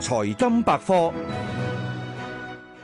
財金百科。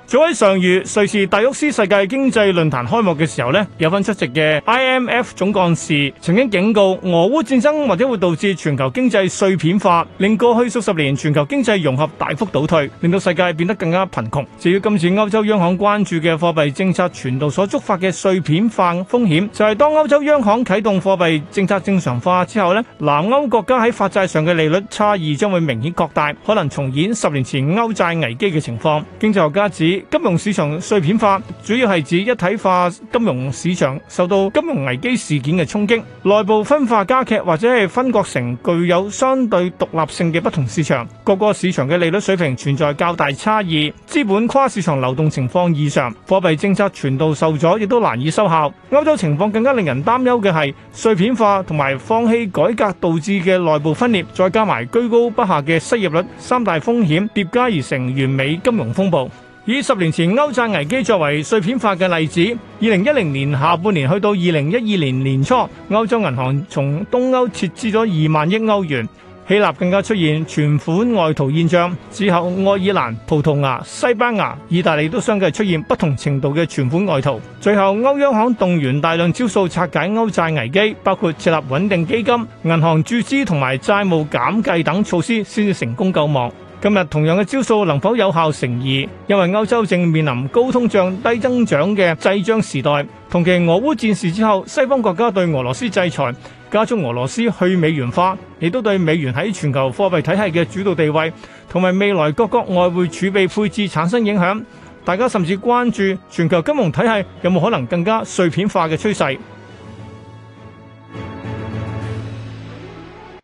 早喺上月瑞士大沃斯世界經濟論壇開幕嘅時候呢，有份出席嘅 IMF 總幹事曾經警告俄烏戰爭或者會導致全球經濟碎片化，令過去數十年全球經濟融合大幅倒退，令到世界變得更加貧窮。至於今次歐洲央行關注嘅貨幣政策傳導所觸發嘅碎片化風險，就係當歐洲央行啟動貨幣政策正常化之後，呢南歐國家喺發債上嘅利率差異將會明顯擴大，可能重演十年前歐債危機嘅情況。經濟學家指。金融市場碎片化主要係指一體化金融市場受到金融危機事件嘅衝擊，內部分化加劇，或者係分割成具有相對獨立性嘅不同市場。各個市場嘅利率水平存在較大差異，資本跨市場流動情況異常，貨幣政策傳導受阻，亦都難以收效。歐洲情況更加令人擔憂嘅係碎片化同埋放棄改革導致嘅內部分裂，再加埋居高不下嘅失業率，三大風險疊加而成完美金融風暴。以十年前歐債危機作為碎片化嘅例子，二零一零年下半年去到二零一二年年初，歐洲銀行從東歐撤資咗二萬億歐元，希臘更加出現存款外逃現象。之後，愛爾蘭、葡萄牙、西班牙、意大利都相繼出現不同程度嘅存款外逃。最後，歐央行動員大量招數拆解歐債危機，包括設立穩定基金、銀行注資同埋債務減計等措施，先至成功救亡。今日同樣嘅招數能否有效成疑。因為歐洲正面臨高通脹、低增長嘅滯脹時代，同期，俄烏戰事之後，西方國家對俄羅斯制裁，加速俄羅斯去美元化，亦都對美元喺全球貨幣體系嘅主導地位，同埋未來各國外匯儲備配置產生影響。大家甚至關注全球金融體系有冇可能更加碎片化嘅趨勢。